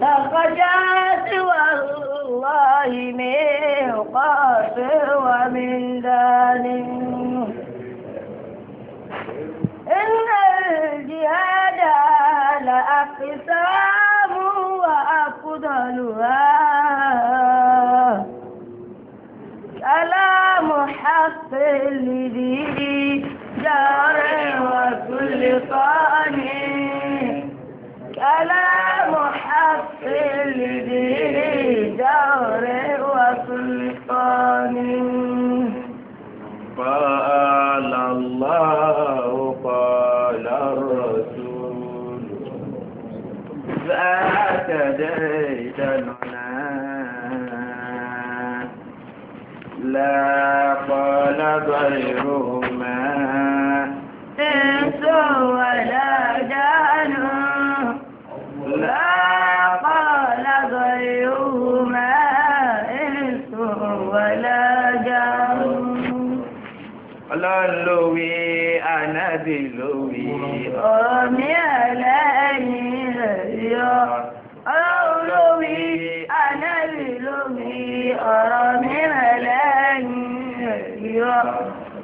فخشى والله من قاف ومن دان إن الجهاد لأقسام وأفضلها كلام حق لذي جار وكل قائل تديت العلا لا قال غيرهما إنس ولا جان لا قال غيرهما إنس ولا جان ọlọ́run ló wí ànábì ló wí.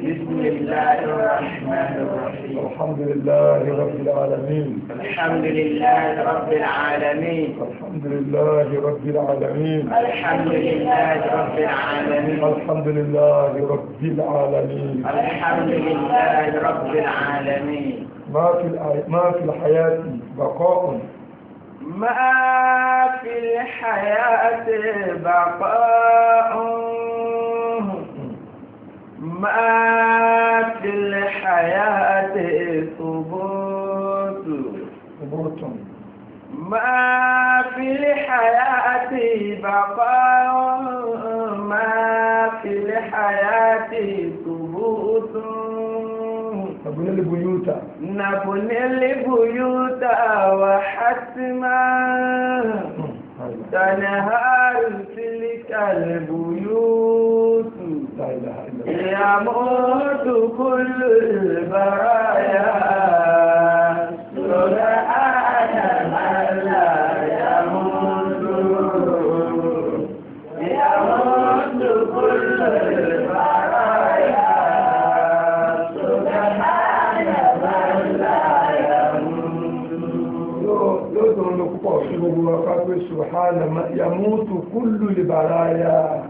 بسم الله الرحمن الرحيم الحمد لله رب العالمين الحمد لله رب العالمين الحمد لله رب العالمين الحمد لله رب العالمين الحمد لله رب العالمين الحمد لله رب العالمين ما في ما في الحياة بقاء ما في الحياة بقاء ما في الحياة ثبوت ثبوت ما في الحياة بقاء ما في الحياة ثبوت نبني البيوت نبني البيوت وحتما تنهار تلك البيوت لا إله الا يموت كل البرايا سبحان من لا يموت يموت كل البرايا سبحان من لا يموت yóò tó سبحان من يموت كل البرايا.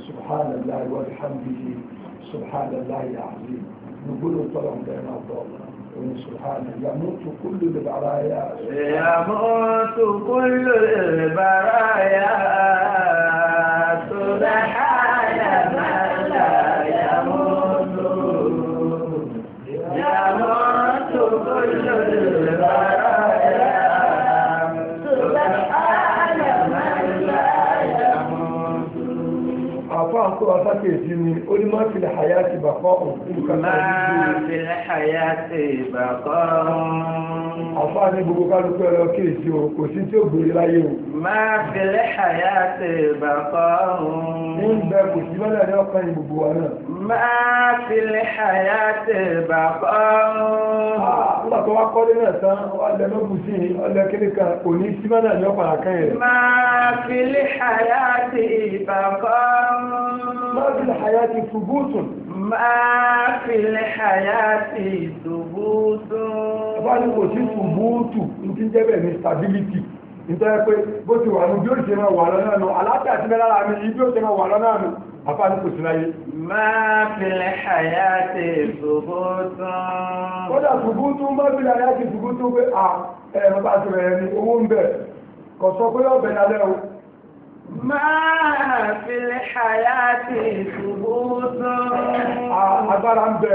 سبحان الله وبحمده سبحان الله العظيم نقول طبعا بين الضوء سبحان يموت كل البرايا يموت كل البرايا سبحان pàkíyèsí ni ó ní máa fìlẹ̀ àyà ti bàkọ́ òun. máa àfáà ní gbogbo kálukú ẹ̀rọ kéèsì o kò sí tí ó gbèrè e láyé o. máa fẹlẹ́ àyà ṣe bàbá ní bẹ kò sí lọ́dọ̀ ní ọkàn yìí gbogbo wa náà. máa fẹlẹ́ àyà ṣe bàbá òun. nígbà tó wá kọ́lé náà tán ọlẹ́ lókun sí i ọlẹ́ kéde kan kò ní sí mọ́nà ní ọkàn àkàn yẹn. máa fẹlẹ́ àyà ṣe bàbá máa fẹlẹ́ àyà ṣe ní kò sí ṣùgbọ́ọ̀tù ní jẹ́bẹ̀ ní stability nítorí pé bó ti wà ní bí ó ṣe máa wà lọ́nà nù aláàbíà ti mẹ́lára mi ibi ó ṣe máa wà lọ́nà nù àpá ní kò sí láyé. máa filẹ̀ àyà ti ṣùgbọ́ọ̀tù. kódà ṣùgbọ́ọ̀tù máa bá ti rẹ̀ ní owó ń bẹ̀ kò sọ pé ọ̀bẹ̀ lálẹ́ ń bẹ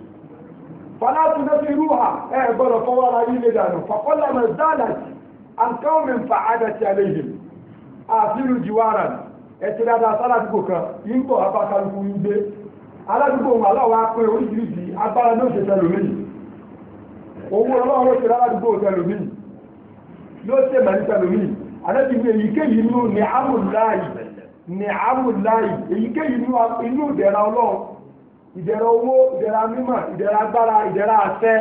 fọlá tún náà e rúhà ẹ gbọ́dọ̀ fọwọ́ ara yín lè dànù fọkànlá mọ̀ zálà àǹkọ́ mi fa àdà a lè yè àfihàn jìwárà ẹ ti dáadáa sára àdúgbò kan yín gbọ́ abákalùkù yín gbé aládùúgbò se aláwọ̀ apẹ́ oríṣiríṣi agbára náà ṣe tẹlòmíì owó ọlọ́run ṣe aládùúgbò tẹlòmíì ló ìdẹ̀ra owó ìdẹ̀ra mímọ̀ ìdẹ̀ra agbára ìdẹ̀ra àṣẹ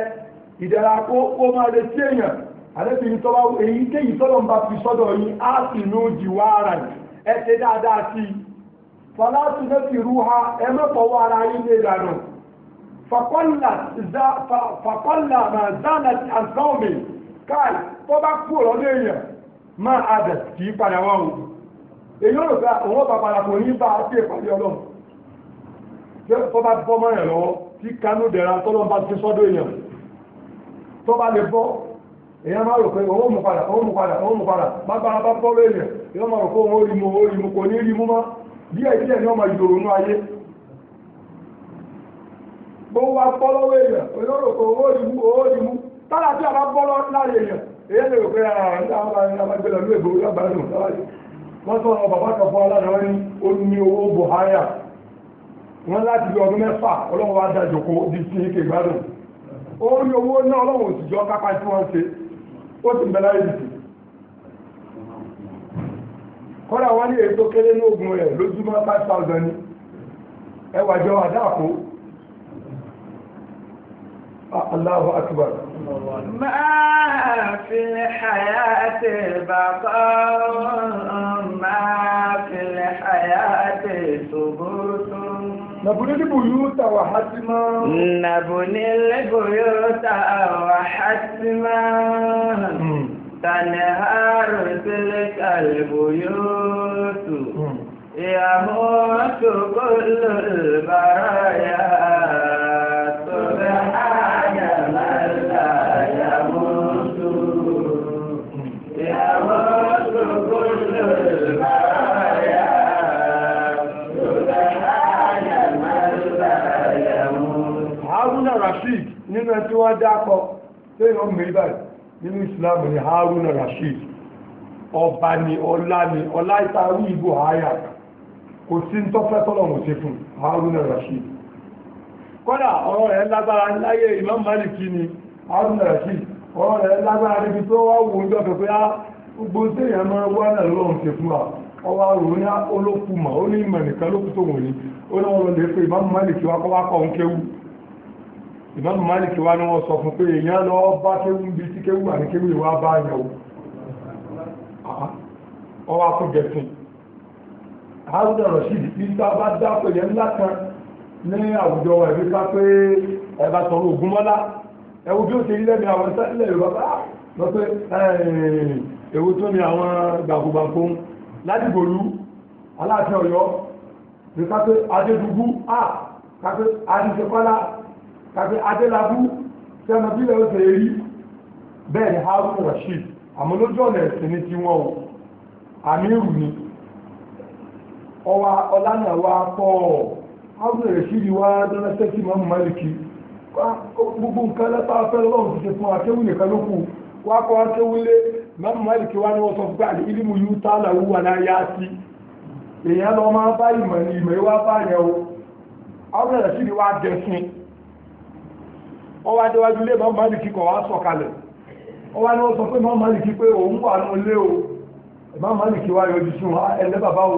ìdẹ̀ra kó máa lè tí èèyàn àdébìnrin tọ́wọ́ èyí kéyìí tọ́lọ̀ ń bá fi sọ́dọ̀ yín á sì ní òjì wá ara yìí ẹ ṣe dáadáa sí i fọlá fi rú ha ẹ ara zánà káì tó bá kú èèyàn máa kì í padà wọ́n o èyí ó a ìpàdé ọlọ́run tó bá bọ́ mọ́yàn lọ́wọ́ tí kánú dẹ̀ra tọ́lọ́ ti sọ́dọ̀ èèyàn tó bá lè bọ́ èèyàn máa rò pé owó mú padà owó mú padà owó mú padà bá bá bá bọ́ lóyè yóò máa rò pé òun ó rí kò ní rí mu mọ́ díẹ̀ díẹ̀ ni wọ́n máa yòrò ayé bó wá bọ́ èèyàn mu wọ́n láti bí ọdún mẹ́fà ọlọ́run wá dá ìjòkó di sí ike ìgbádùn owó náà ọlọ́run ò kápá tí wọ́n ṣe ó sì ń bẹ láyé wọ́n ní èyí kéré ní ogun rẹ̀ lójúmọ́ five thousand ni àdáàkó Allahu akbar. Máa Nàbùní ní bùyúta wà hátímá. Nàbùní ní bùyúta wà hátímá. Tànà àrùn sílẹ̀ kàlùbùyútù. Ìyàmú àtòkò lòlùbárà yá. Thank you. nínú tí wọ́n dákọ tí wọ́n mú ibà nínú islam ni haruna rashid ọba ni ọlá ni ọlá ìtàrí ìbò àyà kò sí ń tọ́fẹ́ tọ́lọ̀mù sí fún haruna rashid kọ́dà ọ̀rọ̀ rẹ̀ lágbára láyé imam maliki ni haruna rashid ọ̀rọ̀ rẹ̀ lágbára ah, wa ìmáàmù máàlìkì wá ní wọ́n sọ fún pé èèyàn lọ bá kéwú bí tí kéwú àní kéwú ìwá bá yàn ó ọwá fún gẹ̀sìn àádọ́ rọ̀ṣídì tí bá bá dá pẹ̀lẹ́ ńlá kan ní àwùjọ ẹ̀rí ká pé ẹ̀bá sọ̀rọ̀ ògúnmọ́lá ẹ̀wù bí ó ṣe ilẹ̀ ní àwọn sẹ́lẹ̀ Yorùbá lọ pé èwo tó ní àwọn gbàgbọ́gbàgbọ́ ládìgbòlú aláàfin Ọ̀yọ́ ní ká pé adédúgbú à ká pé adìsẹ́kọ́lá tàbí adélabú sẹ́mọ̀bílẹ̀ na tẹ̀lé rí bẹ́ẹ̀ ni harun rashid àmọ́ lójú ọ̀nà ẹ̀sìn ní tí wọ́n o àmírù ni ọwa ọlánà wa pọ̀ harun rashid wá dánlẹ́sẹ̀ mọ́mù gbogbo nǹkan lẹ́pà fẹ́ lọ́wọ́ ti ṣe fún akéwù nìkan ló kù wá kọ́ mọ́mù wá ní wọ́n sọ yú tálà wúwa èèyàn lọ máa bá ìmọ̀ ìmọ̀ ìwá bá yẹn o wá wọ́n wá déwájú lé mọ́ málìkì kọ̀ wá sọ̀kalẹ̀ wọ́n wá ní wọ́n sọ pé mọ́ málìkì pé òun o mọ́ málìkì wá yọjú sí ah, o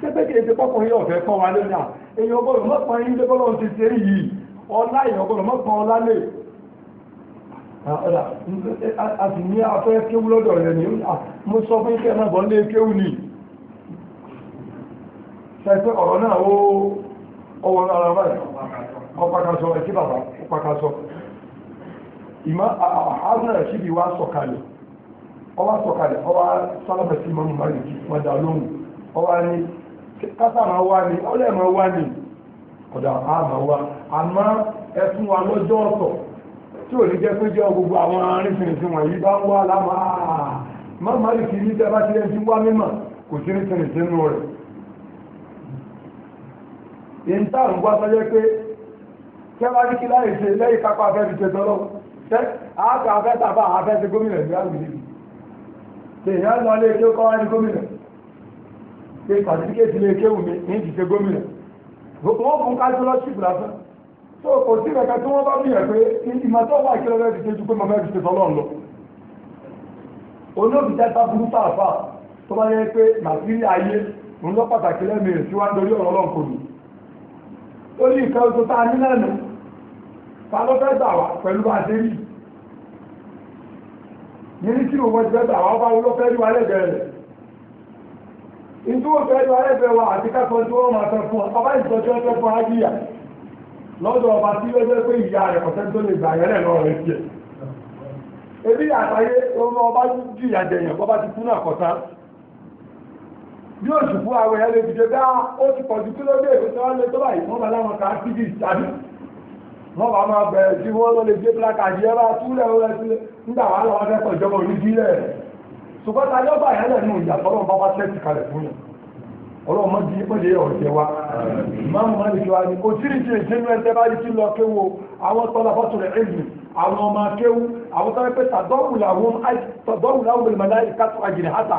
ṣé pé kí èdè pọ́kùnrin yóò fẹ́ kọ́ wa lónìí à èyàn ọgbọ́dọ̀ mọ́pọ̀ yín lé bọ́lọ́ ti ṣe yìí ọlá èyàn ọlá lè a sì ní afẹ́ kéwú lọ́dọ̀ rẹ̀ mo sọ fún kí ẹ má lé kéwú ni ṣe pé ọ̀rọ̀ náà ó ọwọ́ ara báyìí pàkàsọ ìmọ̀ àhárùn àṣírí wa sọkali ọwa sọkali ọwa salabasi ma mọ́mú máàlìkì wọn dà lóhùn ọwá ní kásá máa wá ní ọlẹ́ máa wá ọdọ ọ̀dà wa wa lọ́jọ́ ọ̀tọ̀ tí ò ní jẹ́ pé jẹ́ gbogbo àwọn arìnrìnrìn bá ń wá lámà ní bá ti ti wá kò sí kí wọ́n ní kí láyé ṣe lẹ́yìn kápá afẹ́fi ṣe tọ́lọ́ ṣe àgbà afẹ́ tàbá afẹ́ ṣe gómìnà ìlú àgbègbè èèyàn lọ lé kí ó kọ́ wá ní gómìnà pé sàtífíkẹ́tì lè kéwù mi ní ti ṣe gómìnà wọ́n fún kájọ́lọ́ṣìpù lásán tó kò sí ẹ̀ka tí wọ́n bá bìyàn pé ìmọ̀ tó wà kí lọ́wọ́ ti ṣe ju pé màmá ti ṣe tọ́lọ́ lọ olóògbé tá burú fàáfàá tó bá yẹ pé màtírí ayé òun lọ pàtàkì lẹ́mìí síwájú orí ọ̀rọ̀ ọlọ́nkọ̀ọ́nù ó ní nǹkan oṣù tá a ní lẹ́nu ta ló fẹ́ pẹ̀lú bá a ṣe rí yìí tí òun ti fẹ́ fẹ́ rí wa lẹ́gbẹ̀ẹ́ rẹ̀ ìdú òfẹ́ rí wa wa àti kẹ́kọ̀ọ́ tí wọ́n máa fẹ́ fún ọ ọba ìtọ́jú ọjọ́ fún ájíyà lọ́dọ̀ ọba tí ó jẹ́ pé ìyá rẹ̀ kọ̀tẹ́ tó lè gbà ebi ọba bí òṣùpù àwọn èèyàn lè dìde bá ó ti pọ̀jù kí ló dé èkó tí wọ́n lé tó báyìí wọ́n bá láwọn kan sí bí ìsàbí wọ́n bá máa bẹ̀rẹ̀ sí wọ́n lọ lè dé plákàdì ẹ bá túlẹ̀ ó rẹ̀ sílẹ̀ nígbà wà lọ́wọ́ fẹ́ pọ̀jọba onídìí rẹ̀ ṣùgbọ́n ta yọ́bà yẹn lẹ̀ nù ìyàtọ̀ ọlọ́run bá wá tẹ́sì kalẹ̀ fún yẹn ọlọ́run mọ́ di pé yẹ ọ̀jẹ̀ wa máa mú mọ́lẹ̀ wa ni kò sí ní ṣe ìṣẹ́nu ẹ̀ṣẹ́ bá yí kí lọ kéwo àwọn tọ́lá fọ́tò rẹ̀ èlù àwọn ọmọ akéwu àwọn tọ́lá pé tàdọ́wù làwọn tàdọ́wù làwọn mọ̀lẹ́mọ̀lẹ́ ìkàtọ̀ àjìnà àtà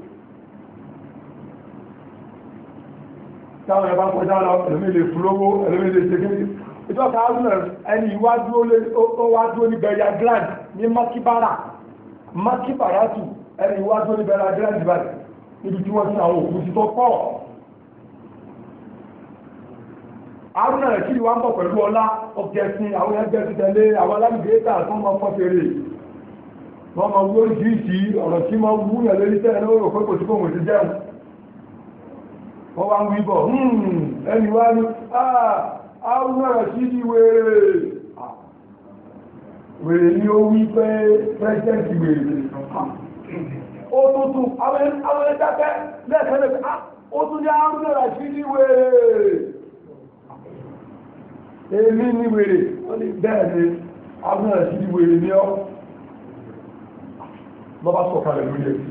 táwọn ẹ̀bá kọjá lọ ẹ̀lẹ́mí lè fúlówó ẹ̀lẹ́mí lè ṣe kéde ìjọba arsenal ẹni ìwájú oníbẹ̀yà grand ní makibara makibaratu ẹni ìwájú oníbẹ̀yà grand báyìí níbi tí wọ́n ti àwọn òkú ti tó pọ̀ arsenal kí ni wọ́n bọ̀ pẹ̀lú ọlá ọ̀gẹ̀sìn àwọn ẹgbẹ́ tẹ̀lé àwọn alámìgbéta tó máa fọ́ wọ́n máa wú oríṣiríṣi ọ̀rọ̀ tí máa wú yàn lórí tẹ́lẹ̀ lórí òkú kò wọ́n ti jẹun wọ́n wá ń wí bọ̀ hmm, ẹni wá ní àwùmọ̀ràn sí di wèrè ah, wèrè ni ó wí pé pẹ́sẹ́ǹtì wèrè ah, ó tó tún àwọn ẹ̀dákẹ́ lẹ́ẹ̀kẹ́lẹ́ ah, ó tún ní àwùmọ̀ràn sí di wèrè èmi ni wèrè bẹ́ẹ̀ ni àwùmọ̀ràn sí di wèrè ni ọ́ lọ́bá sọ̀kalẹ̀ lórí ẹ̀sìn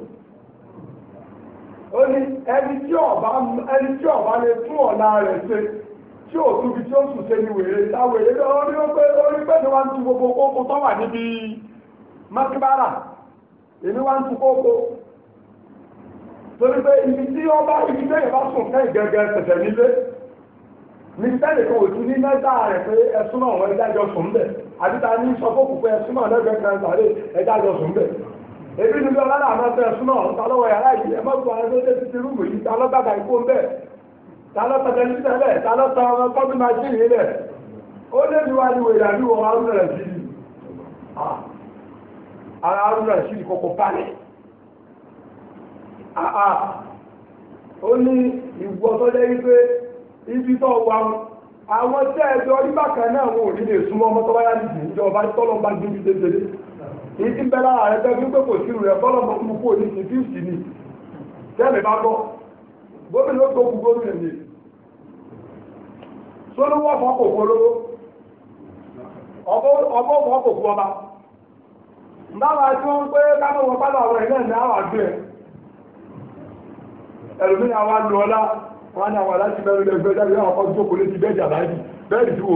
ó ní ẹni tí ọba ẹni tí ọba lè tún ọ̀la rẹ̀ ṣe tí ò túbi tí ó sùn ṣe ni wèrè táwọn èrè lọ́wọ́ ní ó pé orí pé ni wọ́n ń tu gbogbo kókó tó wà níbi mọ́kíbára èmi wá ń tu kókó torí pé ibi tí ọba ibi tẹ́yìn bá sùn kẹ́yìn gẹ́gẹ́ tẹ̀tẹ̀ nílé ní sẹ́yìn kan òtún ní mẹ́ta rẹ̀ pé ẹ̀sùn náà wọ́n ẹ̀dájọ́ sùn bẹ̀ àbí ta ní sọ fókùn pé ẹ̀sùn náà lẹ́gbẹ̀ẹ́ kan sàré ẹ̀dájọ́ sùn bẹ̀. ebi ní bẹ́ẹ̀ lára àná fẹ́ súná ta lọ́wọ́ yàrá yìí ẹ má àwọn ẹgbẹ́ títí rúùmù yìí ta lọ́ta kà ikú bẹ́ẹ̀ ta lọ́ta tẹlifíṣàn bẹ́ẹ̀ ta lọ́ta ọmọ kọ́bí machine yìí bẹ́ẹ̀ ó lé mi wá ní wèrè àbí rẹ̀ sí i ara arúgbó rẹ̀ sí i kókó pálí ibi tó wà àwọn tẹ́ náà wọn ò ní èyí tí ń bẹ lára rẹ tẹ́ fi pé kò sírù rẹ̀ bọ́lọ̀ mọ́ mú kúrò ní ti fíìsì ni tẹ́mi bá gbọ́ gómìnà tó kú gómìnà ni sólówó ọmọ kò kú olówó kú ọba báwa tí wọ́n ń pé káwọn ọmọ pálọ̀ àwọn ilé ìlú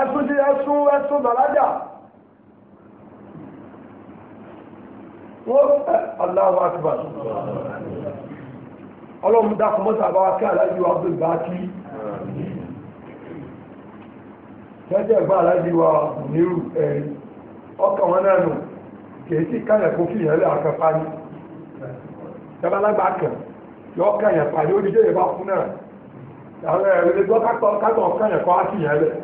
ẹ̀sùn ti ẹ̀sùn ẹ̀sùn bàlájà wọ́n Allahu Akbar ọlọ́run dákun mọ́ta bá wa kí aláàjì wa gbé bá kí jẹ́jẹ́ ìgbà aláàjì wa nírú ẹ̀rí ọkàn wọn náà nù kìí sí kálẹ̀ kó fi ìyẹn lé akẹ́fà ní tẹ́lálágbà kàn yọ kàn yẹn pàdé ó di jẹ́ ìbá fún náà àwọn ẹ̀rí lè gbọ́ kákan kàn yẹn kọ́ á sí ìyẹn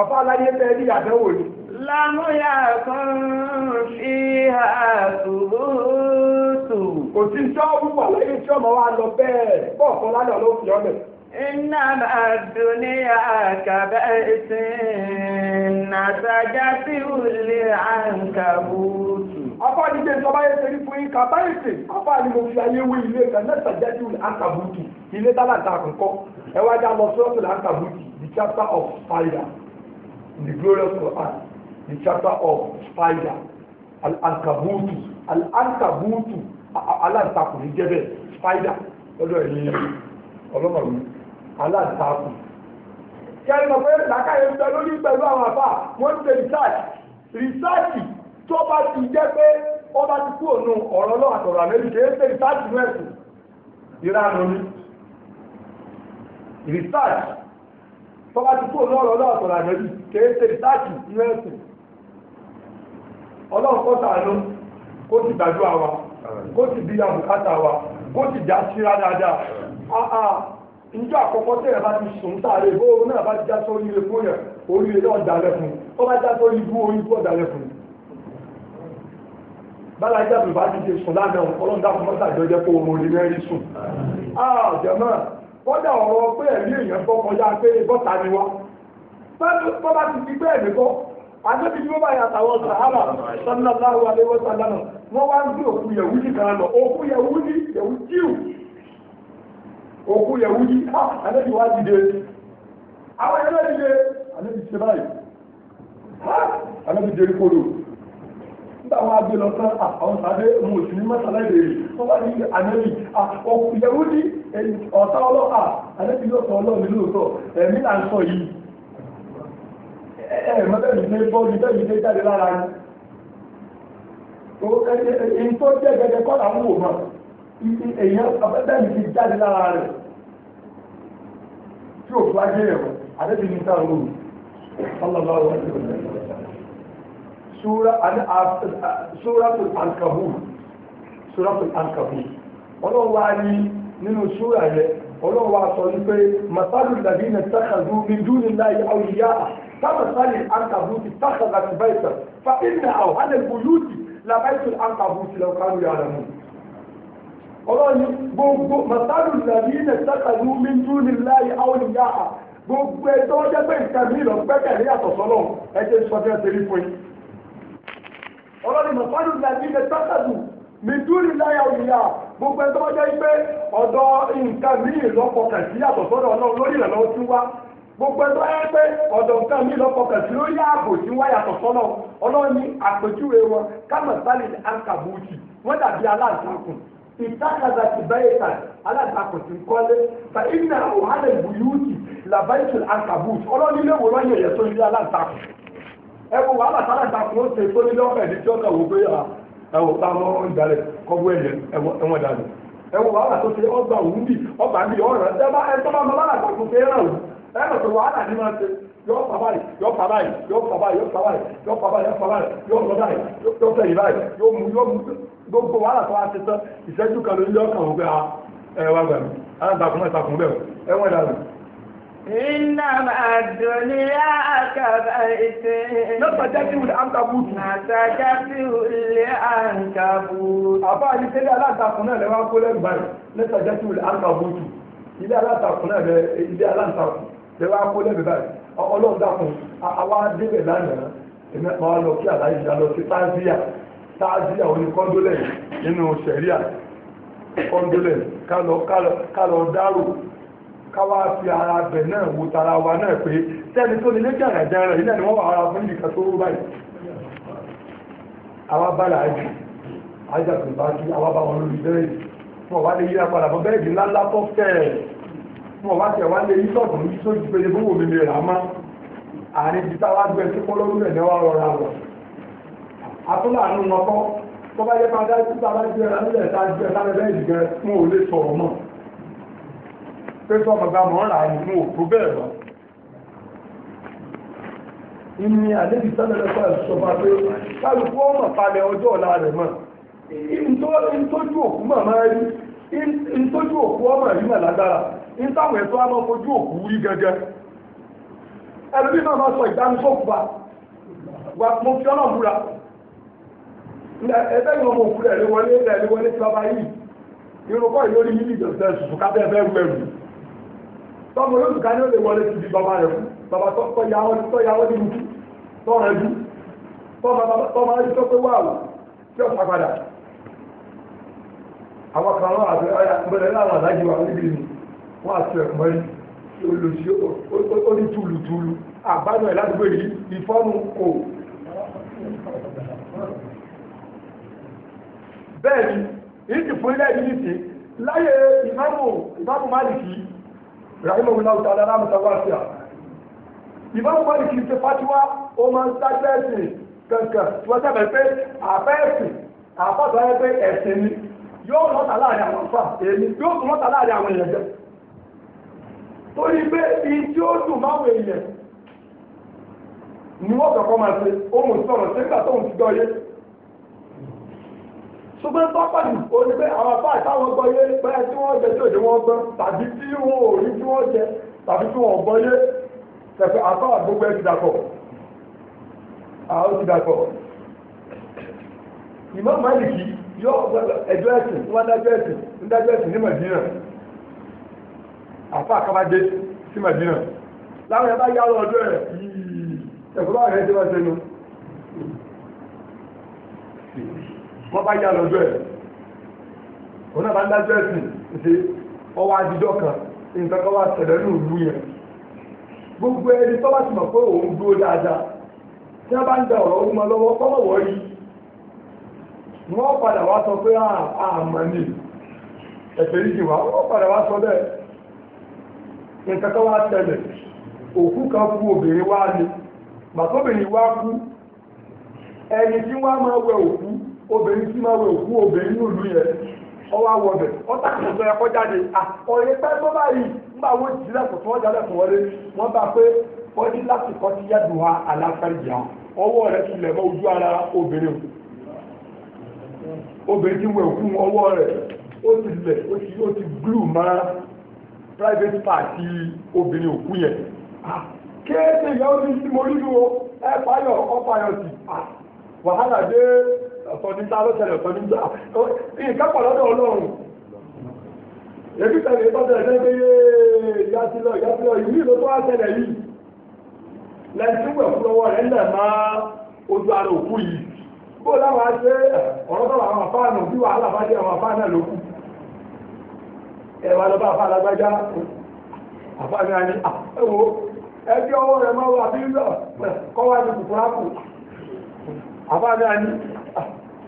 ọ̀fà aláyé fẹ́ rí àdánwò ni. lámúyà kan fi àtúbùtù. kò sí iṣẹ́ wúwà lórí iṣẹ́ ọmọ wa lọ bẹ́ẹ̀ bọ́ọ̀ kan lálẹ́ ló fi ọbẹ̀. iná máa dùn ní àkàbẹ́ ìsìn àtàjà sí òlè àǹkàbùtù. afọ́ àdìjẹ́ ìjọba yẹn ṣe rí fún yín kàbá ìsìn afọ́ àdìjẹ́ òfin ayé wé ilé kan mẹ́ta jẹ́ sí òlè ilé tálàtà àkọ́kọ́ ẹ wá já lọ sọ́ọ̀tù làǹkàbùtù the chapter of fire in the glorious Quran, the chapter of spider, al-ankabutu, al-ankabutu, alantakun ní jẹ́bẹ̀ spider lọ́dọ̀ ẹ̀yìn ọlọ́mọ̀rún alantakun. Kẹ́rin ọ̀pẹ́ làkàyè ń bẹ lórí pẹ̀lú àwọn àbá, wọ́n ti ṣe research. Research tó bá ti jẹ́ pé ó bá ti kú ònú ọ̀rọ̀ lọ́wọ́ àtọ̀rọ̀ àmẹ́rin kì í ṣe research mẹ́sìn. Ìranù ni. Research tọ́ba ti kó lọ́rọ̀ ọlọ́ọ̀tọ̀ lànàbí kéré ṣe táàkì inú ẹ̀sìn ọlọ́run kọ́ sàánú kó ti gbàdúrà wa kó ti bí àbùkátà wa kó ti já síra dáadáa àà ìjọ àkọ́kọ́ tẹ̀yẹ̀ bá ti sùn sáré bó oorun náà bá já sórí ilé fún yẹn oríire náà dalẹ̀ fún tó bá já sórí ibú orí ibú ọ̀dalẹ̀ fún bára ìjà bùbá ti ṣe sùn lánàá ọlọ́run dákun mọ́tàjọ́ jẹ́ kó oorun orí mẹ́rin sùn. àà jẹ̀mọ́ kọ́dà ọ̀rọ̀ pé ẹ̀mí èèyàn bọ́ kọjá pé bọ́ta ni wá bọ́ bá ti fi pé ẹ̀mí bọ́ àjọbí ni wọ́n bá yàtọ̀ àwọn sàhábà wọ́n wá ń gbé òkú yẹ̀wúdí kan lọ òkú yẹ̀wúdí òkú ha wá dìde àwọn dìde ṣe báyìí ha kodò nígbà wọn agbé lọ tán àwọn sáré ọmọ òsì ní mọ́sálá èdè rẹ̀ wọ́n bá ní ànẹ́bì ìyẹ̀wò ní ọ̀tá ọlọ́pàá ànẹ́bì yóò sọ ọlọ́ọ̀ nínú òótọ́ ẹ̀mí là ń sọ yìí ẹ̀ẹ̀mọ́bẹ̀rẹ̀ ní bọ́ọ̀lù bẹ́ẹ̀ ní jáde lára rẹ̀ súratul ankabut súratul ankabut ọlọ́run wá ní nínú súra yẹ ọlọ́run wá sọ wípé masalu ladina takhadu min dunillahi awliya kamasali ankabut takhadhat baytan fa inna awhana al-buyuti la baytul ankabut law kanu ya'lamun ọlọ́ni gbogbo masalu ladina takhadu min dunillahi awliya gbogbo ẹjọ́ jẹ́ pé nǹkan mi lọ gbẹ́kẹ̀lé àtọ̀sọ́lọ́ ẹjẹ́ sọ́jọ́ ṣe rí fún yín ọlọ́ni mọ̀fánù nàbí ilẹ̀ sákàdù mìtúrì láyà òyìnbá gbogbo ẹni tó bá jẹ́ pé ọ̀dọ̀ nǹkan míì lọ́pọ̀ kàṣí yàtọ̀ sọ́dọ̀ ọlọ́run lórí ìrànlọ́wọ́ tí wá gbogbo ẹni tó yẹ pé ọ̀dọ̀ nǹkan míì lọ́pọ̀ kàṣí lórí ààbò tí wá yàtọ̀ sọ́dọ̀ ọlọ́run ní àpèjúwe wọn kámọ̀ sálì ankabuti wọ́n dàbí aláǹtakùn ìtàkàdà ti bẹ́ẹ̀ tà aláǹtakùn ti kọ́lé fa ìnà òhánà ìbùyúùtì làbáyìtì ankabuti ọlọ́run ilé ìwòrán yẹ̀yẹ̀ tó ilé aláǹtakùn ẹwọ wàhálà sára ìtàkùn ó ṣe tó ní lọ́fẹ̀ẹ́ ní tí ó kà wò pé ah, ẹwọ táwọn ìdálẹ̀ kọ́bú ẹ̀yẹ ẹwọ̀n dànù ẹwọ wàhálà tó ṣe ọgbà òun bì ọgbà bì ọ̀rọ̀ ẹ̀tọ́ bá bàbá àgbàkùn ṣe rà ó ẹ̀rọ tó wàhálà ní máa ṣe yọ pàbáyì yọ pàbáyì yọ pàbáyì yọ pàbáyì yọ pàbáyì yọ pàbáyì yọ lọ báyìí yọ tẹ̀yìn báyìí yóò mú yóò mú gbogbo wàhálà tó wá ti tán ìṣẹ́jú kan ló ń yọ ọkàn òun pé ah, ẹ̀rọ wá gbà mí aláǹtakùn náà takùn bẹ́ẹ̀ ẹ̀wọ̀n ìdàlẹ̀ إنما الدنيا كبيت نفتته العنكبوت نفتته العنكبوت àbá yìí tẹ́lẹ̀ aláǹtakùn náà lẹ́wọ́n kó lẹ́nu báyìí نفتته العنكبوت ilé aláǹtakùn náà lẹ ilé aláǹtakùn lẹ́wọ́n kó lẹ́nu báyìí ọlọ́run dákun àwa débẹ̀ lánàá èmi pa lọ kí àlàyé ìjà lọ sí táàzíà táàzíà òní kọ́ńdólẹ̀ nínú kondolen kọ́ńdólẹ̀ ká káwá fi ara bẹ̀ náà wo tara wa náà pé sẹ́ni tó nílé jàràjà rẹ̀ ilẹ̀ ni wọ́n wà ara fún nìkan tó rú báyìí àwa bá là ájì ájà tó bá kí àwa bá wọn lórí bẹ́ẹ̀dì wọn wá lè yí apàdà fún bẹ́ẹ̀dì ńláńlá tó fẹ́ ẹ̀ wọn wá tẹ̀ wá lè yí sọ̀tún yí sójú pé fún omi rẹ̀ àmọ́ àárín ti táwa gbẹ sí kọ́lọ́rù rẹ̀ ní wàá rọra wọ̀ àtúnláàánú wọn kọ́ tó bá yẹ ká dá sí táwa gbẹ pé tó ọmọ bá mọ̀ ń rà nínú òkú bẹ́ẹ̀ lọ. ìní àlébì sẹ́lẹ̀lẹ́fà ìṣọba pé kálukú ọmọ palẹ̀ ọjọ́ ọ̀la rẹ̀ mọ̀ ìtójú òkú mọ̀ máa rí ìtójú òkú ọmọ rí mọ̀ lágbára ìtàwọn ẹ̀tọ́ àmọ́ fojú òkú rí gẹ́gẹ́ ẹlùmí náà máa sọ ìdánisọ́kùbà wà mo fi ọ́nà búra ẹgbẹ́ ìwọ̀n mo kúrẹ̀ lé wọlé ẹgbẹ́ ìwọlé tí wọ́n bá yìí irun kọ́ ìlórí yìí ìjọsẹ̀ ṣùṣù kábẹ́ tọ́mọ yóò tún ká ní ó lè wọlé síbi bàbá rẹ̀ fún bàbá tọ́yàwó tọ́yàwó ní ìlú tọ́rẹ̀ jù tọ́mọ ayé tó pé wáàwù tí ó sàpadà àwọn kan lọ́wọ́ àti ọ̀bẹ̀rẹ̀ láwọn àdájì wà níbi ni wọ́n àti ẹ̀kọ́ rí olùsí ó ní túlùtúlù àbájọ ẹ̀ ládùúgbò yìí ìfọ́nù kò bẹ́ẹ̀ ni ìdí fún ilé ìdí nìsí láyé ìmáàmù ìmáàmù máàlìkì Rahimu rahimahullahu ta'ala rahmatan wasi'a ìbámu bá ìkìlì ṣe fatiwa ó máa ń dájọ́ ẹ̀sìn kankan tí wọ́n sábẹ̀ pé àbẹ́ ẹ̀sìn àpapọ̀ ẹ̀ pé ẹ̀sìn ni yóò mọ́ta láàrin àwọn fà èmi yóò tún mọ́ta láàrin àwọn èèyàn jẹ torí pé iye tí ó dùn máwọn èèyàn ni wọ́n kọ̀ọ̀kan máa ṣe ohun ìsọ̀rọ̀ sígbà tóun ti gbọ́ yé ṣùgbọ́n pápánì onígbé àwọn apá àtàwọn gbọ́yé bẹ́ẹ̀ tí wọ́n jẹ tí òde wọn gbọ́n tàbí tí wọn ò rí tí wọ́n jẹ tàbí tí wọn ò gbọ́yé tẹ̀fẹ́ àtàwà gbogbo ẹ̀ ti dàpọ̀ àwọn ti dàpọ̀ ìmọ̀ máìlìkì yọ ẹjọ́ ẹ̀sìn wọn dájọ́ ẹ̀sìn ń dájọ́ ẹ̀sìn ní Mẹ̀dínà àfa àkàbàdé sí Mẹ̀dínà láwọn ẹ̀ yá lọ ẹ̀ ẹ̀kọ́ bá rẹ̀ ti wá sẹ́nu wọ́n bá yà lọ́jọ́ ẹ̀ òun náà bá ń dájọ́ ẹ̀sìn ṣe ọwọ́ adijọ́ kan nǹkan wá ṣẹlẹ̀ ní yẹn gbogbo ẹni tó bá ti mọ̀ pé òun dúró dáadáa tí wọ́n bá ń da ọ̀rọ̀ ọmọ lọ́wọ́ kọ́mọ̀ wọ́rí wọ́n padà sọ pé àmọ́ ni yìí wá wọ́n padà wá sọ bẹ́ẹ̀ wá òkú kan kú obìnrin wá ni màtóbìnrin wá kú ẹni tí wọ́n máa wẹ obìnrin tí máa wẹ̀ òkú obìnrin ní òlú yẹn ọwọ́ àwọ̀ bẹ̀ ọ̀tá ẹ̀kọ́ jáde ọ̀rẹ́ pẹ́ tó báyìí nígbà wọ́n ti tó wọ́n bá pé wọ́n ní láti kọ́ ti yá dùn wá aláfẹ́rìjà ọwọ́ rẹ̀ ti lẹ̀ mọ́ ojú ara obìnrin obìnrin tí òkú ọwọ́ rẹ̀ ó ti lẹ̀ ó ti obìnrin òkú yẹn kéèké ti mo ẹ ọ̀pọ̀ ní sá ló tẹ̀lé ọ̀pọ̀ ní sá nǹkan pọ̀ lọ́dọ̀ ọlọ́run èmi tẹ̀lé tọ́jú ẹ̀ lẹ́gbẹ́ yéé yásílọ̀ yásílọ̀ ìlú ìlú tó wá tẹ̀lé yìí lẹ́sìn wẹ̀ fún ọwọ́ rẹ̀ ńlẹ̀ máa ojú ara òkú yìí bó láwọn á ṣe ọ̀rọ̀ tó àwọn afáànù bí wàhálà bá jẹ́ àwọn afáànù lókù ẹ̀wà lọ́ba afáànù agbájá àfáàní àní àwọ̀ ẹgbẹ́ ọwọ́ rẹ̀ máa wà bí lọ kọ́wàá ní kùkùrákù àfáàní àní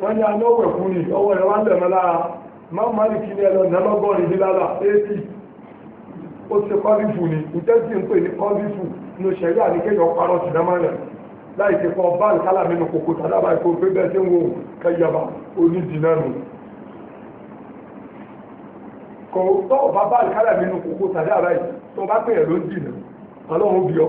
wọ́n ní alọ́wẹ̀ fún ni ọwọ́ rẹ̀ wá lẹ̀mọ́ lára máa márì kí ní ẹlọ nàlọ́gọ́rin ní lára éèkì ó ti kọ́lífù ni ìtẹ́sí ń pè ní kọ́lífù ní òṣèré àníkéyàn parọ́ sí dámọ́lẹ̀ láì ti kọ́ báàlì kálà nínú kòkó tàdábà ìkó pé bẹ́ẹ̀ tí ń wo kẹyàbà onídìínà nù kò tọ́ ọ̀bá báàlì kálà nínú kòkó tàdábà ìkó tó bá pè é ló ń ọlọ́run bí ọ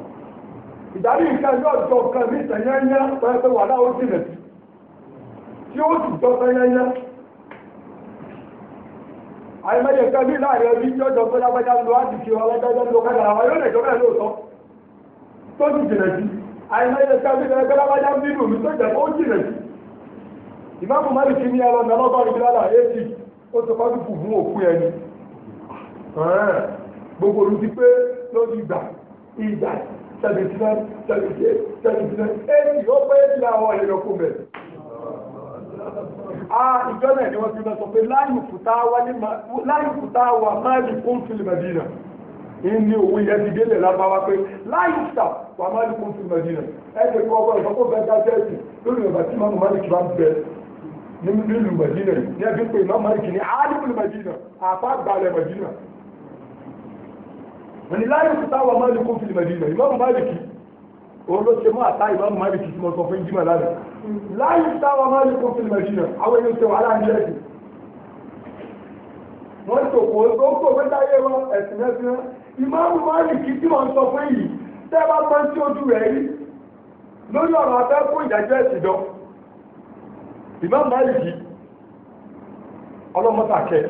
ìdarí nǹkan yóò jọ nǹkan ní ìtẹ̀yẹ́yẹ́ pẹ́ẹ́pẹ́ wà láwọn jìnà tí ó sì jọ tẹ́yẹ́yẹ́ àìmọye nǹkan bí láàrin ẹbí tí ó jọ pé lágbájá ń lo àdìsí ọlọ́jọ́jọ́ ń lo kádàrà wa yóò lè jọ bẹ́ẹ̀ lóòótọ́ tó sì jìnà sí àìmọye nǹkan bí láàrin lágbájá ń bínú mi tó jẹ́ ó jìnà sí ìmáàmù Málíkì ní ẹlọ ní ọlọ́gọ́rin bílálà èsì ó ti kọ́ seventy nine seventy eight seventy nine eighty ó pé eighty àwọn èèyàn kú bẹ̀. ìjọ náà ni wọ́n ti lọ sọ pé láyù fùtá wà máàlì kún fìlì mẹ́dínà ní òwe yẹn ti délé lábáwá pé láyù fùtá wà máàlì kún fìlì mẹ́dínà ẹ̀ lè kọ́ ọgbọ́n ìfọ́kọ́ bẹ́ẹ̀ dájẹ́ ẹ̀sìn lórí ọ̀bà tí mọ́mú máàlì kì bá ń bẹ nínú ìlú mẹ́dínà ní ẹbí pé mọ́mú máàlì kì ní àádìmù mẹ́dínà àpá àgbàlẹ̀ mẹ́dínà wọ́n ní láyé òkúta wà máàlì kó fìlì mẹ́dínà ìmọ̀mù máàlì kì òun ló ṣe mọ́ àtá ìmọ̀mù máàlì kì tí mo sọ fún jimá lánàá mm. láyé òkúta wà máàlì kó fìlì mẹ́dínà àwọn èèyàn ṣe wàhálà ní ẹ̀sìn wọ́n tó kó tó kó o yé wọn ẹ̀sìn ẹ̀sìn náà ìmọ̀mù máàlì kì tí mo sọ fún yìí tẹ́ bá gbọ́n tí ojú rẹ̀ rí lórí ọ̀rọ̀ abẹ́ fún ìdájọ́ ẹ̀sìn jọ ìmọ̀mù máàlì ọlọ́mọ́ta kẹ́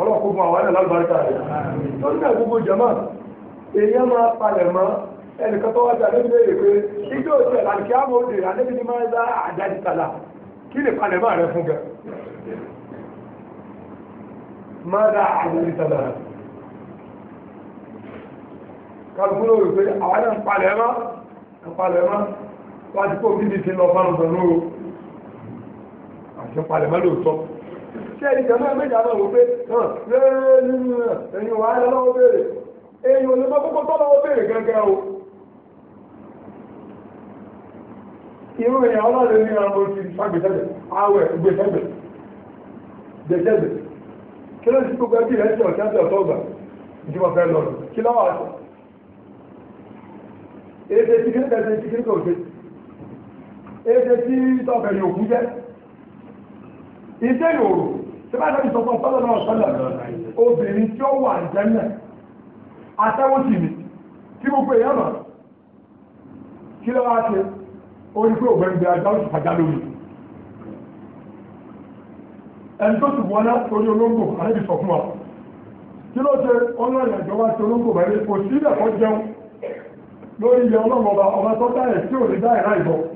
ọlọ́kùnkùn àwọn ẹ̀nà lálùbáríkà rẹ̀ tó ní àgbogbo jama èèyàn máa palẹ̀ mọ́ ẹnìkan tó wájú àdébí lè pé ijó òṣèlú àdìkí àmọ́ òde àdébí ni máa ń dá àjáde tàlà kí lè palẹ̀ mọ́ rẹ̀ fún gẹ̀ máa dá àjáde tàlà kálukú ló wí pé àwọn ẹ̀nà ń palẹ̀ mọ́ ń palẹ̀ mọ́ wájú kó bíbí ti lọ fáwọn ọ̀dọ́ lóru àti ń palẹ̀ mọ́ lóòótọ́ ṣé ẹni jàmbá méjà náà wò pé rẹ́rẹ́ nínú ẹ̀yìn wàhálà lọ́wọ́ béèrè èyí ò lè má kókó tọ́lọ́wọ́ béèrè gángan o. irú ìyá ọlọ́run ní àwọn ojú ìfagbèsẹ́gbẹ̀ awẹ̀ gbèsẹ́gbẹ̀ gbèsẹ́gbẹ̀ kí ló ti gbogbo ẹbí rẹ̀ ti ọ̀sẹ̀ ọ̀sẹ̀ ọ̀tọ̀ ọ̀gbà ìjọba fẹ́ lọ kí lọ́wọ́ àṣọ. èdè tí kíríkà èdè tí kíríkà òṣè èdè tí tọ́fẹ̀ yòókù jẹ́ iṣẹ́ yòórù tẹ́lá ìdájọ́ sọ fún ọ̀sán lọ́wọ́ obìnrin tí ó wà ìjẹ́nà àtẹ́wò sì ni kí gbogbo èèyàn mọ̀ kí lọ́wọ́ á ṣe orí pé ògbẹ́ni bí ajá òṣù fàjá lórí ẹni tó sì wọ́n torí olóńgbò àrẹ́bì sọ fún wa kí ló ṣe ọlọ́rin àjọ wá sí olóńgbò kò sí ìdẹ̀kọ́ jẹun lórí ilẹ̀ ọlọ́mọ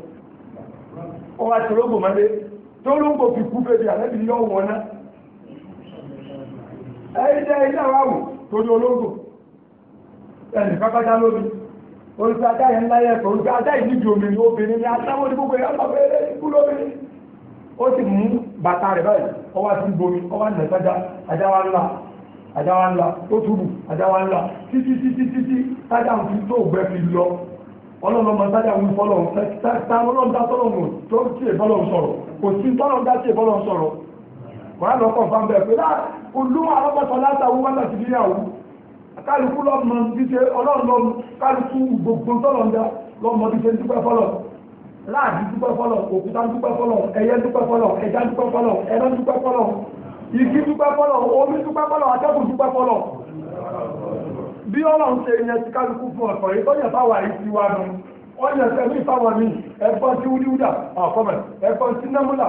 ẹ̀ẹ́dẹ́ iṣẹ́ wa wù torí olóńgbò ẹnì pápátá lómi oríṣi ajá yẹn ńlá yẹn aja oríṣi ajá ìdíje omi ni obìnrin ni aṣáwó ní gbogbo ẹ̀yà pàpẹ́ ẹ̀ẹ́dẹ́gbù lóbìnrin ó sì mú bàtà rẹ̀ báyìí sí gbomi wa ńlá ajá wa ńlá ó túbù ajá wa ńlá títí títí títí sájà ń fi tó ògbẹ́ fi lọ ọlọ́run ọmọ ń ọlọ́run dá tọ́lọ́run tó tiẹ̀ sọ̀rọ̀ kò sí tọ́lọ́run dá tiẹ̀ sọ̀rọ̀ wàá lọ kọ̀ fáwọn bẹ́ẹ̀ pé náà ah, olúwa ọlọ́pọ̀tọ̀ látàwọ́ wọn láti ní ìyàwó kálukú lọ́mọ dídé ọlọ́run lọ́mọ kálukú gbogbo tọ́lọ̀ ń dá lọ́mọ dídé dúpẹ́ fọlọ́ láàbí dúpẹ́ fọlọ́ òkúta dúpẹ́ fọlọ́ ẹyẹ dúpẹ́ fọlọ́ ẹja dúpẹ́ fọlọ́ ẹran dúpẹ́ fọlọ́ igi dúpẹ́ fọlọ́ omi dúpẹ́ fọlọ́ atẹ́kùn dúpẹ́ fọlọ́ bí ọlọ́run ṣe yẹn ti kálukú fún ọ̀pọ̀ yìí tọ́jà táwa yìí ti wá nu ọ̀yẹ̀ sẹ́mi fáwọn mi ẹ̀fọ́ sí wúlíwúlà àkọ́mẹ̀ ẹ̀fọ́ sí námúlà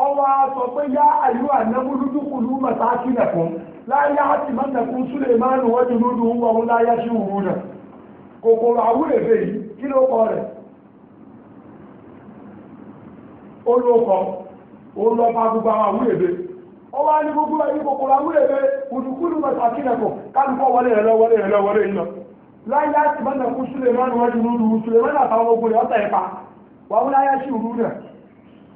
ọwọ́ sọ pé yá àyú ànábú dúdúkùlù màtá sílẹ̀ fún láyé àti mọ́tẹ̀kùn súlẹ̀ máa ń wọ́n dúdú dùn wọ́n ń láyé sí òru náà kòkòrò àwúrẹ̀ yìí kí ló kọ rẹ̀ ó ló kọ ó lọ gbogbo àwọn àwúrẹ̀ ní gbogbo ẹni kòkòrò àwúrẹ̀ wọlé wọlé wọlé yìí lọ máa wọ́n dúdú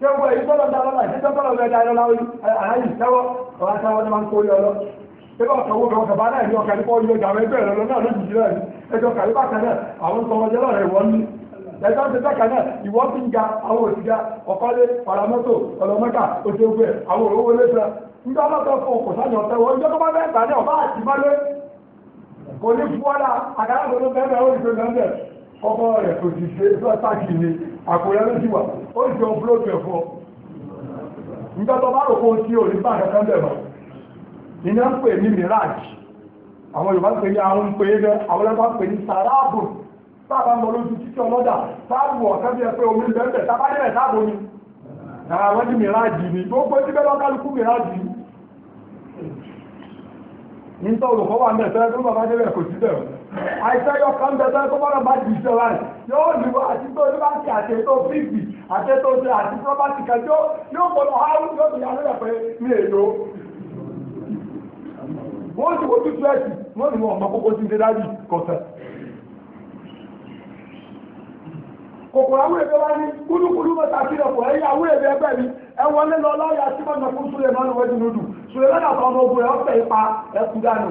sẹ́wọ́ èyí tọ́lọ̀ dá lọ́la ìṣẹ́ tọ́lọ̀ rẹ̀ dá lọ́la àyè sẹ́wọ́ ọ̀rá sẹ́wọ́ ni máa ń kó yọ Ẹgbẹ́ ọ̀sán owó kan kàbá náà ní ọkà nípa àwọn ẹgbẹ́ rẹ̀ lọ náà lójijì náà ni. Ẹjọ́ kàlípà kan náà àwọn tọmọ jẹ́ lọ́rẹ̀ ìwọ ní. Ẹjọ́ ti bẹ́ẹ̀ kan náà ìwọ ti ń ga àwọn ọmọ rẹ̀ kò sì ṣe pàtàkì ni àkùrẹ́ ló sì wà ó sì jẹun búlọ́ọ̀dù ẹ̀fọ́ nígbà tó bá rò kó sí òní bá kankan bẹ̀ mọ́ iná ń pè ní mirage àwọn Yorùbá pè ní àwọn ń pè é bẹ́ àwọn ẹgbẹ́ pè ní sàráàbù sábà mọ lójú títí ọlọ́dà sáàbù ọ̀kan bí ẹ pé omi bẹ́ẹ̀ sábà nílẹ̀ sáàbù ni àwọn ní mirage ni gbogbo tí bẹ́ẹ̀ lọ́kàlùkù mirage ni nítorí olùkọ́ wà mẹ́ẹ̀ẹ́sẹ́ tó bàbá débẹ̀ kò sí bẹ́ẹ̀ àìsàn yọ kan bẹ̀rẹ̀ tó bọ́dọ̀ bá di ìṣọ́ra rẹ̀ yóò ní àti tó ní báńkì àti ètò fíìsì ṣe àti pọ́pátì kan yóò yóò gbọ́dọ̀ áwù yóò ní alẹ́ pé mi èlò. wọ́n ti wojú túwẹ́sì wọ́n ní wọn ọmọ ti ń dédájú kọ̀ọ̀tẹ̀. kòkòrò àwọn èdè wa ní kúlúkúlú mọ́ta sílẹ̀ ẹ̀yìn àwọn èdè ẹgbẹ́ mi ẹ wọlé lọ láyà síbẹ̀ nàkú Sulemanu wẹ́dínúdù Sulemanu àtọmọ ogun ẹ̀ ipa ẹ̀kú dànù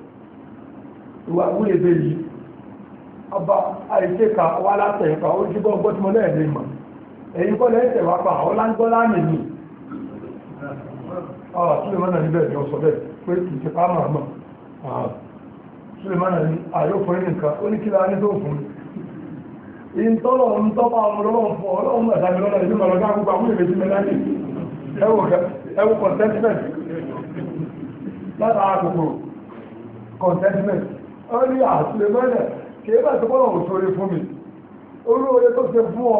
ìwà ìwúlẹ̀ bẹ́ẹ̀ yìí ọba ka wà látẹ̀ ìpa ó jí bọ́ ma. náà lè mọ̀ èyí kọ́ lẹ́yìn pa àwọn láńgbọ́ láàmì níbẹ̀ ni ah, bẹ́ẹ̀ pé kì í ṣe ah, pa mọ̀ Sulemana ní àyè òfin nìkan dị ọ ní àtìlẹ́mọ́lẹ̀ ah, kì í bá bọ́lọ̀ òṣòro fún mi olóore tó ṣe fún ọ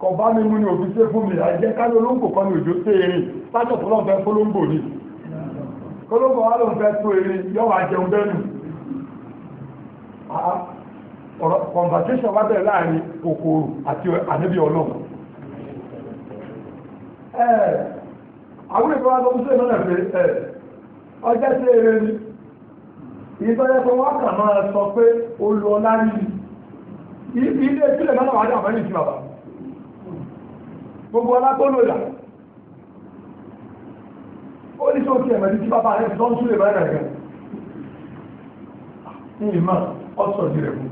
kọ̀ bá mi mú ní òfin ṣe fún mi àìjẹ́ káyọ̀ olóńgbò kan ní òjò tẹ́ erin pátọ̀ tó lọ́fẹ́ ni kólóńgbò wà ló tó erin yọ wà jẹun bẹ́nu ah, conversation wá bẹ̀rẹ̀ láàrin kòkòrò àti ọlọ́run eh, àwọn eh, ọjọ́ erin ìgbẹ́rẹ́ tó wọ́n kà máa sọ pé olùọlá ní ilé ìpínlẹ̀ náà wà ní àmàlì ìjì bàbá gbogbo ọlá tó lòlà ó ní tó ti ẹ̀mẹ̀lì tí bàbá rẹ̀ tó ń súlẹ̀ bá rẹ̀ rẹ̀ ní ìmọ̀ ọ̀sọ̀ di rẹ̀ mú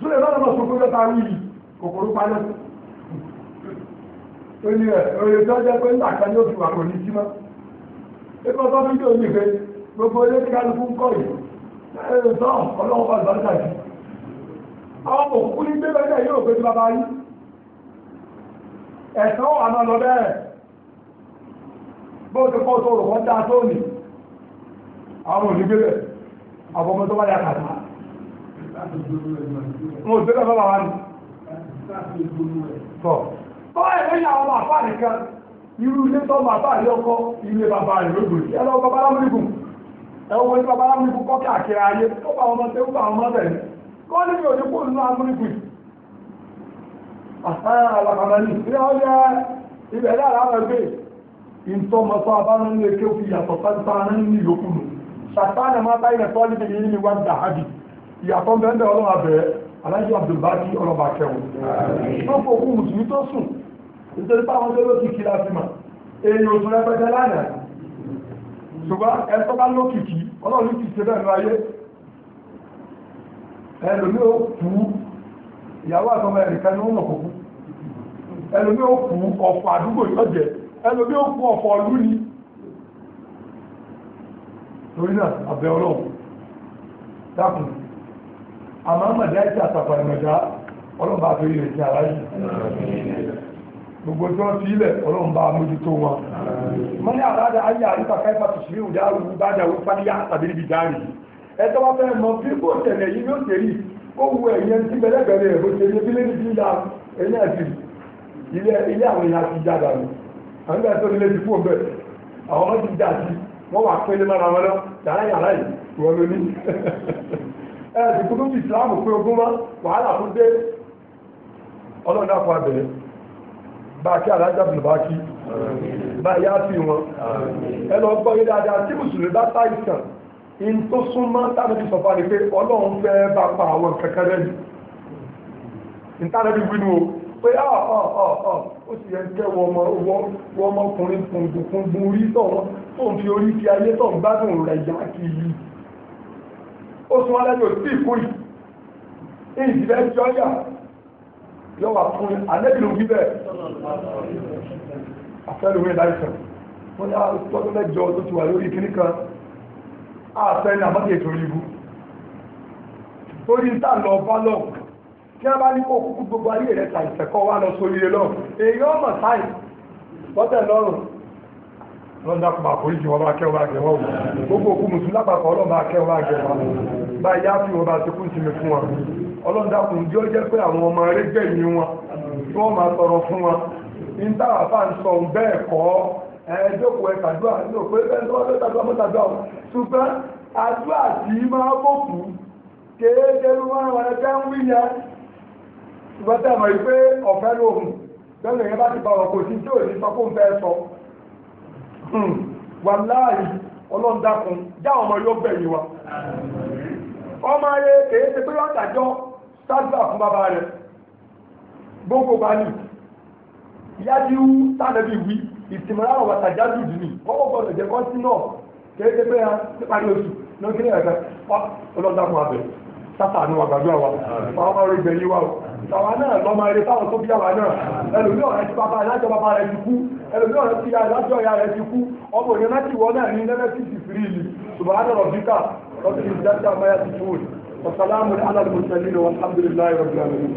súlẹ̀ náà lọ sókú lọ́ta rí kòkòrò paná ó ní ẹ̀ òye tó jẹ́ pé ń tàkà ní òfin wà kò ní símọ́ ẹgbẹ́ ọ̀tọ́ fídíò gbogbo ilé tí kálukú ń kọ́ yìí ẹ̀rọ tán ọlọ́wọ́ bá ìbáríkà yìí àwọn ọmọ òkú ní gbé bẹ́ẹ̀ yóò gbé bàbá yìí ẹ̀sán àmà lọ bẹ́ẹ̀ bó ti kọ́ tó rò wọ́n dá tó nì àwọn òní gbé bẹ́ẹ̀ àwọn ọmọ tó wáyà kàtà wọn ò gbé bẹ́ẹ̀ bàbá wa ni tọ́ tọ́ ẹ̀ lẹ́yìn àwọn àfáà nìkan irú ilé tó máa bá àlẹ́ ilé bàbá rẹ̀ lóògùn ẹ̀ lọ́kọ̀ bá lámúlégùn ẹ̀wọ̀n ní bàbá amúnikù kọ́ káàkiri ayé tó bá ọmọ tẹ́wọ́ bá ọmọ bẹ̀rẹ̀ kọ́ ní ìròyìn kó nínú amúnikù àtàràlàkàmẹ́lì ní ọjọ́ ibẹ̀ dára rẹ̀ gbé ìtọ́mọ̀tọ́ abánilé kí ó fi yàtọ̀ sáńtánà ní ìlòkù nù sàtánà máa bá ilẹ̀ tọ́lì bíi ní wá dàhábì ìyàtọ̀ bẹ́ẹ̀ ọlọ́run abẹ́ alájú abdulbaki ọlọ́ba kẹwọn tó fòkú mùsùlùmí tó sùn nítorí pé àwọn tó ló ti kí lásìmọ̀ èèyàn ṣùgbọ́n ẹ̀tọ́ bá lókìkí ọlọ́run ti ṣe bẹ́ẹ̀ láyé ẹlòmí ó kú ìyàwó àtọmọ ẹ̀rìkan ní ọmọ kòkú ẹlòmí ó kú ọ̀fọ̀ àdúgbò ìtọ́jẹ ẹlòmí ó kú ọ̀fọ̀ ọlú ni torí náà àbẹ̀ ọlọ́run dákùn àmọ́ mọ̀dá ìtì àtàkùn àìmọ̀dá ọlọ́run bá torí rẹ̀ sí aráyé gbogbo tí wọ́n fi ilẹ̀ ọlọ́run bá mójútó wọn mọ́ ní àlàáda ayé àríkà káífà tòṣìlẹ̀ òdà àrùn bá dà wọ́n fáníyà tàbí níbi dáàrí ẹjọ́ wá fẹ́ mọ bí kò tẹ̀lé yìí ló wu ẹ̀yẹn tí bí àti ilé àwọn èèyàn ti já dànù bá kí alájà bùbákí bá yá sí wọn ẹ lọ gbọ́ yé dáadáa tí mùsùlùmí bá tá ìsàn in tó súnmọ́ tánàbí sọ̀fà ni pé ọlọ́run fẹ́ bá pa àwọn kankan lẹ́nu ìtànàbí wínú o pé ọ ọ ọ ọ ó sì yẹ kẹ́ wọ ọmọ wọ ọmọkùnrin kùngùnkùngùn orí tọ̀wọ́ tó ń fi orí fi ayé tó ń gbádùn rẹ̀ yá kì í yìí ó súnmọ́ lẹ́yìn òtí ìkórì ní ìdílé jọ́yà yóò wà fún anẹ́bí ló wí bẹ́ẹ̀ afẹ́lúwé láìsàn wọ́n ah, yá tọ́tọ́ mẹ́jọ tó ti wà lórí kíní kan ààfẹ́ ní àmọ́dé ètò ìbú torí tá lọ bá lọ kí a bá ní kó kúkú gbogbo ayé rẹ̀ ta ìfẹ́kọ́ wá lọ sórí rẹ̀ lọ èyí ọmọ táì bọ́tẹ̀ lọ́rùn lọ́dún dákùnmá àforíjì wọn bá kẹ́ bá wọ́n gbogbo mùsùlùmí lápapọ̀ bá yá fi wọn bá ti kú sí mi fún wa ọlọ́run dákun bí ó jẹ́ pé àwọn ọmọ rẹ gbẹ̀yìn wọn tí tọrọ fún wa ní bá ń sọ bẹ́ẹ̀ kọ́ ẹ̀ẹ́dẹ́kùn ẹ̀ tàdúrà ní òpé bẹ́ẹ̀ ni wọ́n fẹ́ tàdúrà mọ́ tàdúrà ṣùgbọ́n àdúrà tí máa kéèké ló wọ́n wọn ẹgbẹ́ ń wí yẹn ṣùgbọ́n pé ọ̀fẹ́ sọ fún sọ hmm. ọlọ́ndàkùn já ọmọ yóò wa Ọ maa kèé ṣe pé yọ́n dájọ́ sáàdúrà fún bàbá rẹ̀ gbogbo bá ní ìyá tí ó sàdẹ̀bí wí ìtìmọ̀lá àwọn àtàjá dùdù ní ọwọ́ gbọ́dọ̀ jẹ́ kọ́ sí náà kèé ṣe pé ya níparí oṣù lókèrè ẹ̀fẹ́ ọlọ́dàkùn ọmọ rẹ̀ gbẹ̀yìn رب العزة ما يصفون وسلام على المرسلين والحمد لله رب العالمين